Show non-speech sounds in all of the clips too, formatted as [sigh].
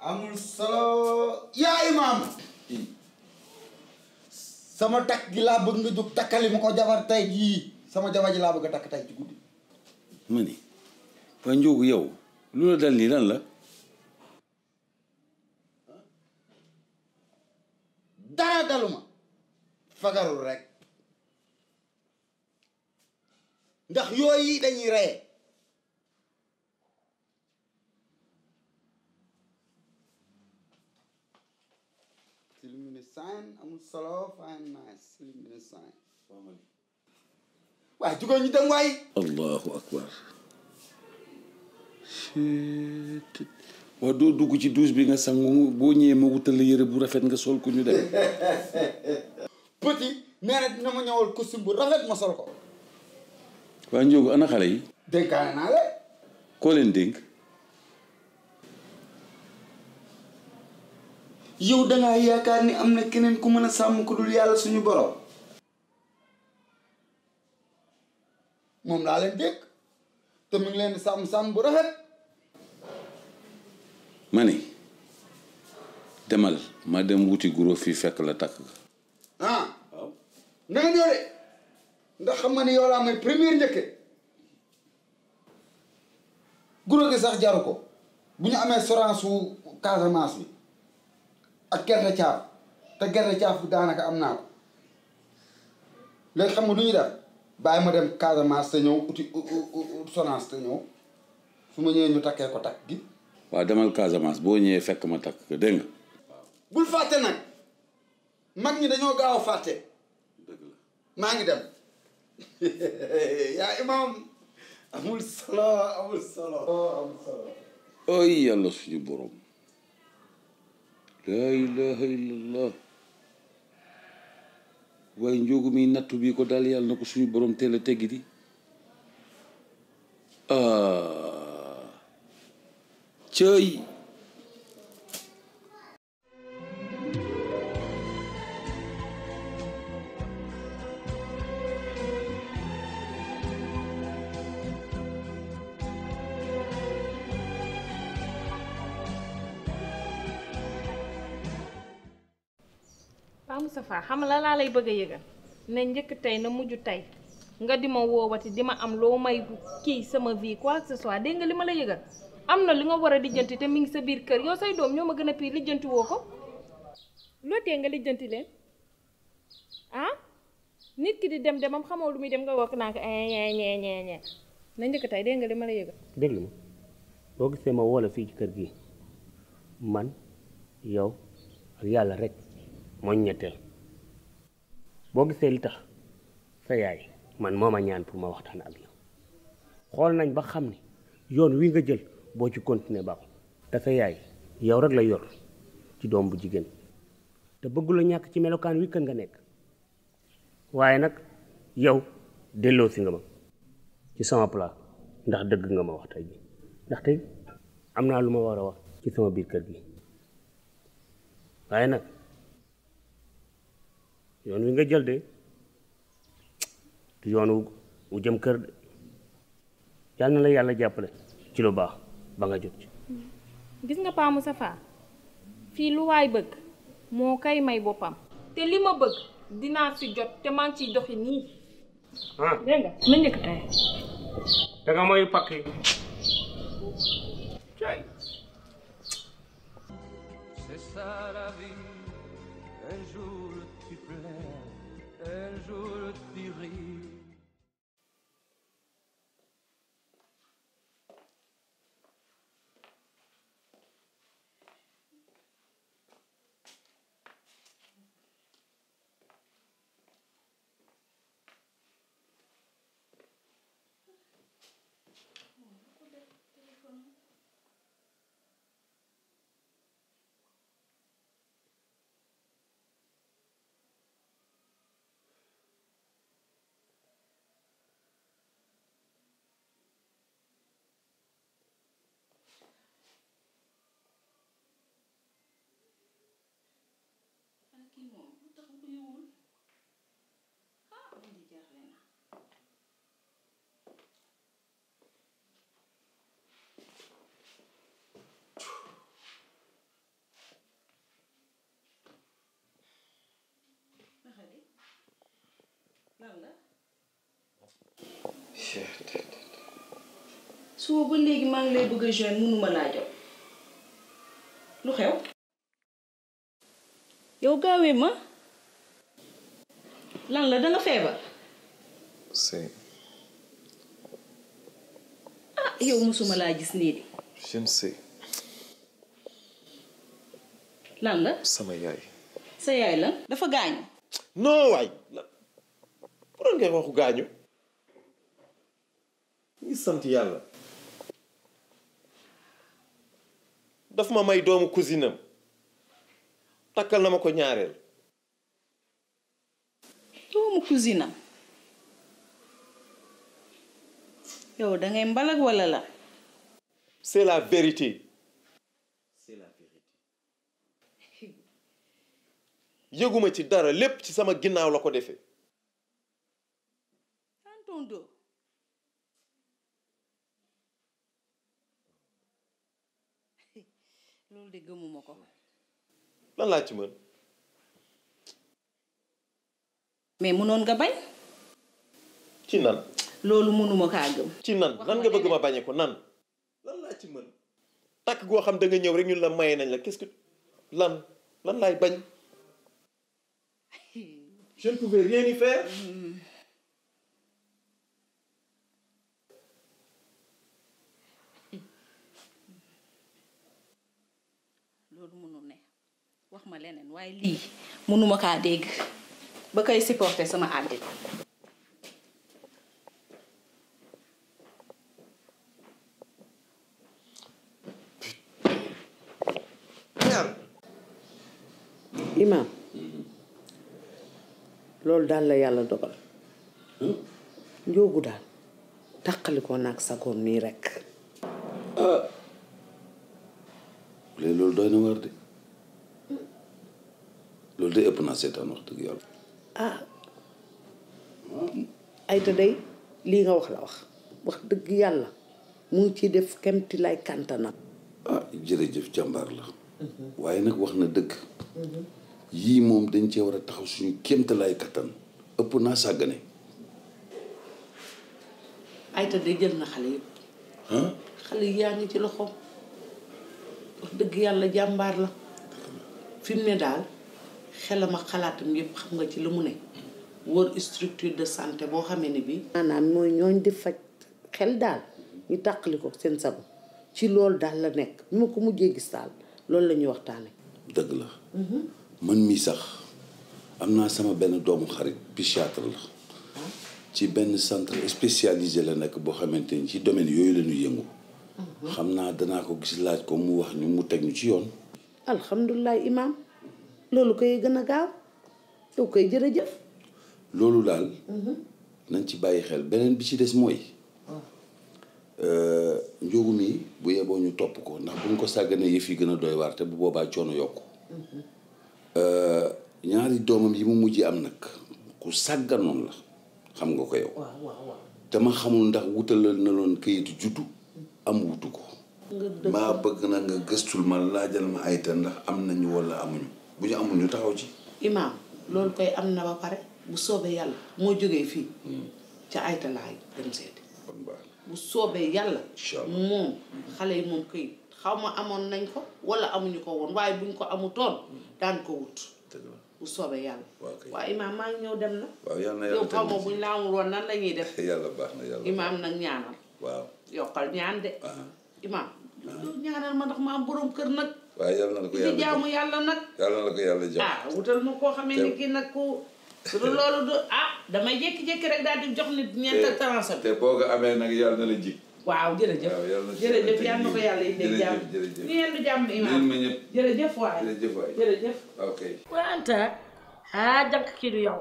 amul solo yaa imaam hmm. sama takk gi laa bëgg nga jóg takkali ma ko jabar tey jii sama jabar ji laa bëgg a takk tey ci guddi ma ni waa njóogu yow lu la dal nii lan la dara daluma fagarul rek ndax yooyu dañuy reye fine amul solo fine nice three minutes fine waaw jugóon ñu dem waay allahu akbar waaw doo dugg ci douche bi nga sangu boo ñëwee ma wutal la yére bu rafet nga sol ko ñu dem [laughs] petit nee na dina ma ñëwal costume bu rafet ma sol ko waa Ndiogou ana xale yi dénkaane naa la koo leen dénk yow dangaa yaakaar ni am na keneen ku mën a sàmm ko dul yàlla suñu borom moom laa leen dégg te mu ngi leen sàmm sàmm bu rafet ma ni demal ma dem wuti guro fii fekk la takk ah waaw na nga ñëw de ndax xam nga ni yow laa may première njëkke guro gi sax jaru ko bu ñu amee sorance su Casamance bi ak gerte caaf te gerte caaf bi daanaka am naa ko léegi xam nga du ñu def bàyyi ma dem Casamance te ñëw uti ma ñëwee ñu takkee ko takk gi. waaw demal Casamance boo ñëwee fekk ma takk ko dégg nga. bul fàtte nag mag ñi dañoo gaaw a fàtte. maa ngi dem [laughs] yaa imaam amul solo amul solo. Oh, amul solo. ooy yàlla suñu borom. laa ilaha illallah waaye njóogu mi nattu bi ko daal yàlla na ko suñu borom teel a teggi di ah. cëy waaw Moustapha xam la laa lay bëgg a yëgal na njëkk tey na mujj tey nga di ma woowati di ma am loo may kii sama vie quoi que ce li ma la yëgal am na li nga war a lijjanti te mi ngi sa biir kër yow say doom ñoo ma gën a pii lijjanti woo ko loo nga lijjanti leen ah nit ki di dem demam xamoo lu muy dem nga wokk naa ko ñee eh, eh, ñee eh, ñee na njëkk tey dégg ma la yëgal déglu ma boo gisee ma woo fii ci kër gi man yàlla rek mooy ñetteel boo gisee li tax sa yaay man moo ma ñaan pour ma waxtaan ak yow xool nañ ba xam ni yoon wi nga jël boo ci continuer baaxul te sa yaay yow rek la yor ci doom bu jigéen te bëggula ñàkk ci melokaan wi kën nga nekk waaye nag yow delloo si nga ma ci sama plat ndax dëgg nga ma wax tey ji ndax tey am naa lu ma war a wax ci sama biir kër gi waaye nag yoon wi nga jël de du yoon wu jëm kër de yàlla na la yàlla jàppale ci lu baax ba nga jóg ci hmm. gis nga Pa Moustapha fii lu waay bëgg moo kay may boppam te li ma bëgg dinaa si jot te maa ngi ciy doxi nii ah dégg nga ma njëkk tey da nga may pakk yi C'est ça la vie. suba ba léegi maa ngi lay bëgg a joindre mënuma laa jot lu xew yow gaawee ma lan la danga feebar c'est ah yow mosuma laa gis nii di je ne sais lan la sama yaay sa yaay lan dafa gaañu non waay pour waxu gaañu ñu sant yàlla daf ma may doomu cousine takkal na ma ko ñaareel. doomu cousine am yow da ngay mbalag wala la. c'est la vérité. c'est yëguma ci dara lépp ci sama ginnaaw la ko defee. loolu de gëmuma ko. lan laa ci mën. mais mënoon nga bañ. ci nan. loolu mënuma kaa gëm. ci nan nan nga bëgg ma bañee ko nan. lan laa ci mën. takk goo xam da nga ñëw rek ñun la maye nañ la qu'est-ce que lan lan laay bañ. je ne pouvais rien y faire. wax leneen waaye lii mënuma kaa dégg ba koy supporter sama àddina imaam loolu daal la yàlla dogal hmm? njoogu daal taqalikoo naag sagoom nii rekk loolu de ëpp naa seetaan wax dëgg yàlla. ah Aïda lii nga wax la wax wax dëgg yàlla mu ngi ciy def kemti lay kàntanam ah jërëjëf jàmbaar la. Mhm. waaye nag wax na dëgg. Mhm. yii moom dañ cee war a taxaw suñu kemti lay kattan ëpp naa sàggane. Aïda day jël na xale yëpp. xale yaa ngi ci loxo wax dëgg yàlla jàmbaar la fim ne daal. xelam ak xalaatam yëpp xam nga ci lu mu ne wër structure de santé boo xamee ne bi maanaam mooy ñooñ di faj xel daal ñu tàqali ko seen sago ci lool daal la nekk mu ma ko mujjee gis daal loolu la ñuy waxtaane dëgg la mën mhm. mi sax am naa sama benn doomu xarit psychiatre la ci benn centre spécialisé la nekk boo xamante ni ci domaine yooyu la yëngu mhm. xam naa danaa ko gis laaj ko mu wax ni mu teg ñu ci yoon alhamdulilah imaam loolu koy gën a gaaw doo koy loolu daal. Mhm. nañ ci bàyyi xel beneen bi ci des mooy. Oh. Euh, njóogu mi bu yeboo ñu topp ko ndax buñ ko sàgganee yi fi gën a doy waar te bu boobaa coono yokku. Mhm. Euh, ñaari doomam yi mu mujj am nag ku sàgganoon la xam nga ko yow. dama xamul ndax wutalal na loon kayitu juddu am wutu ko. maa bëgg na nga gëstul ma laajal ma ayta ndax am nañu wala amuñu. bu ñu amul ñu taxaw ci. imaam loolu koy am na ba pare bu soobee yàlla moo jógee fii. Hmm. ca aytalaay bu soobee yàlla. moom xale yi moom kay xaw ma amoon nañ ko wala amuñu ko woon waaye buñ ko amutoon hmm. daan ko wut. bu soobee yàlla. waaw imaam maa ngi ñëw dem na. waaw yàlla na yàlla xaw ma buñ la amul woon nan lañuy def. [laughs] yàlla baax na yàlla imaam nag ñaanal. yokkal ñaan de. Ah. imaam. Ah. ñaanal ma ndax ma am borom kër nag. waaye yal na la ko yàlla ci jaamu yàlla nag. yal na la ko yàlla jox ah wutal ma koo xamee ni kii nag ku. su dul loolu du ah damay jékki-jékki rek daal di jox nit ñeent transa bi. te boo ko amee nag yal na la ji. waaw jërëjëf waaw yal na si jërëjëf yal na ko yàlla indee jàmm jërëjëf ñu yendu jàmm imaam ñu ñëpp jërëjëf waay jërëjëf waay jërëjëf. ok. waaw Anta ah jànk kii du yow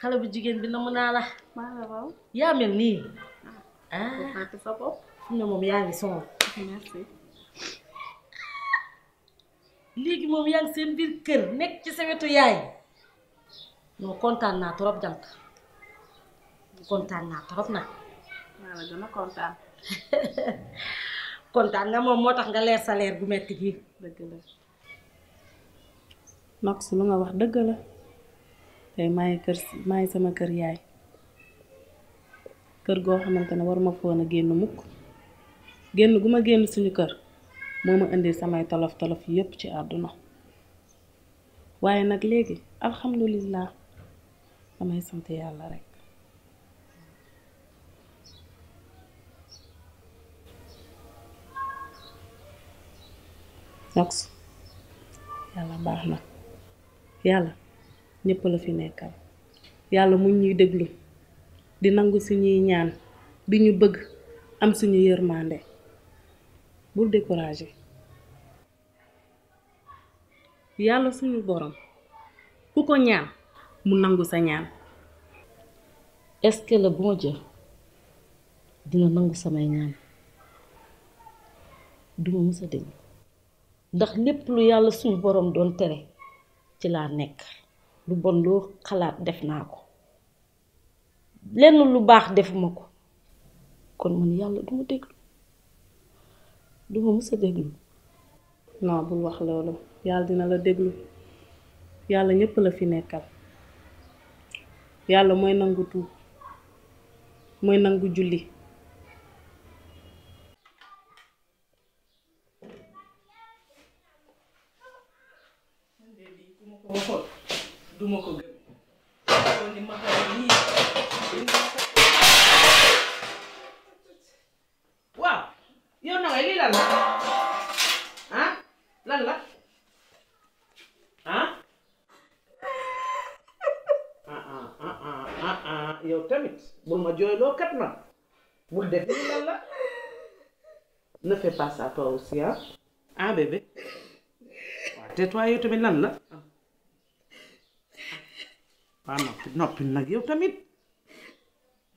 xale bu jigéen bi namu naa la. maa la waaw. yaa mel nii. ah. sa bopp. Ah, ne moom yaa ngi sonn. merci. léegi moom yaa ngi seen biir kër nekk ci sa wetu yaay non kontaan naa trop jant kontaan naa trop nag. maa la [laughs] moom moo tax nga leer sa leer gu metti gi dëgg la. Max lu nga wax dëgg la tey maa kër maa sama kër yaay kër goo xamante ne war ma foon a génn mukk génn gu ma génn suñu kër. Mama ma samay tolof tolof yépp ci aduna waaye nak légui alhamdulillah damay sant yalla rek nox yalla baxna yalla ñepp la fi nekkal yalla mu ñuy déglu di nangu suñuy ñaan di ñu bëgg am suñu yermandé bul décourager yàlla suñu boroom ku ko ñaan mu nangu sa ñaan est-ce que dina nangu samay ñaan duma mës a deñ ndax lépp lu yàlla suñu boroom doon tere ci laa nekk lu bon loo xalaat def naa ko lenn lu baax defuma ko kon man yàlla duma déglu du ma mës a déglu non bul wax loolu yàlla dina la déglu yàlla ñëpp la fi nekkal yàlla mooy nangu tuub mooy nangu julli lan la ah hein? là hein? ah ah ah ah, ah, ah. ma ne fais pas ça toi aussi ah ah bébé ah non non, non tamit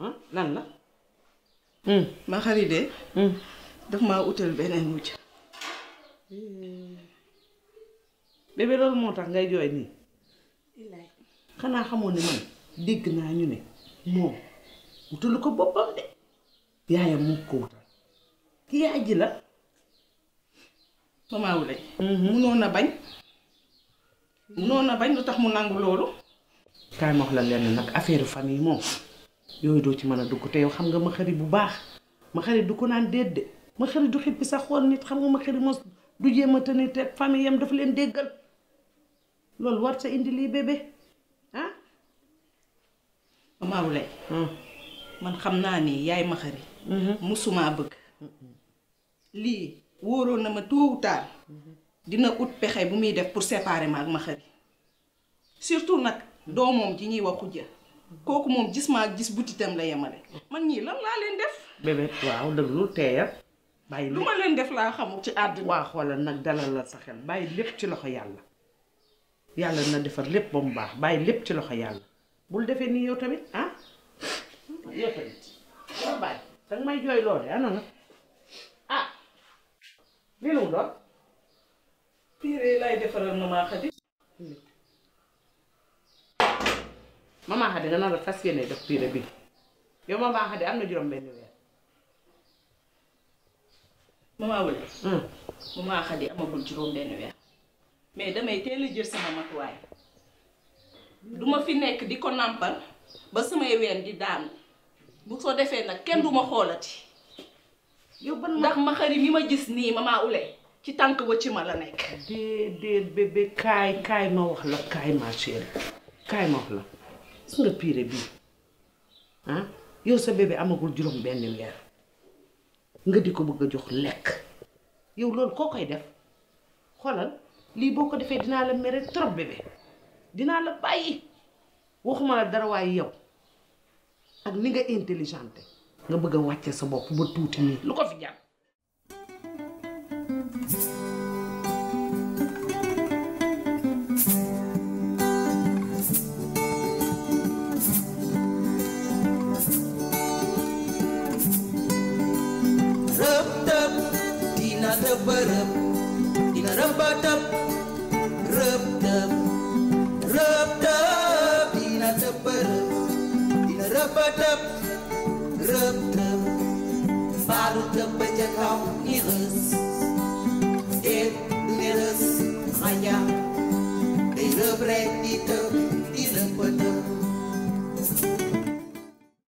ah lan la. Ah. Hmm. ma daf maa utal beneen mujj eh. bébé lol motax ngay joy ni xanaa xamoon ne man deg na ñu ne moom wutalu ko bopam de yaaya mu ko wutal ki yaaji la sama wulé mhm. mu nona bañ mu nona bañ lu mu nang loolu kay ma wax la lenn nak affaire famille moom yoy do ci mën dugg te yow xam nga ma xari bu baax ma xari du ko nan dedde ma xëri du xippi sax xool nit xam nga ma xëri mos du jéem a tëni te famille yam dafa leen déggal loolu war sa indi lii bébé ah hmm. man xam naa ni yaay ma xëri mm-hmm. musuma bëgg lii wóoroon na ma tôt mm-hmm. dina ut pexe bu muy def pour séparer ma ak ma xëri surtout nag doomam ji ñuy waxu ja kooku moom gis ma ak gis butitam la yemale mm-hmm. mag ñii lan laa leen def bébé waaw dëgg lu teeyal bàyyi lu ma leen def laa xamul ci àddina waa xoolal nag dalal la sa xel bàyyi lépp ci loxo yàlla yàlla na defar lépp ba mu baax bàyyi lépp ci loxo yàlla bul defe nii yow tamit ah yow tamit yow bàyyi danga may na ah lii la mu nga naan la fas yéene def piire bi yow maman Khady am na juróom benn weer mama wala hmm mama xadi amagul juróom ben wer mais damay teel jeur sama matuwaay. du ma fi nek diko nampal ba sama ween di daan bu so defee nak kenn duma xolati xoolati. yow ban ndax ma xari mi ma gis ni mama Wula ci tank ba ci ma la nekk. déedéet bébé kay kay ma wax la kay ma chérie kay ma wax la gis le pire bi hein yow sa bébé amagul juróom ben wer nga di ko bëgg a jox lekk yow loolu koo koy def xoolal lii boo ko defee dinaa la mere trop bébé dinaa la bàyyi waxuma la dara waaye yow ak ni nga intelligente nga bëgg a wàcce sa bopp ba tuuti nii lu ko fi jàpp rep rep dina rep tep rep tep rep tep dina tep rep dina rep tep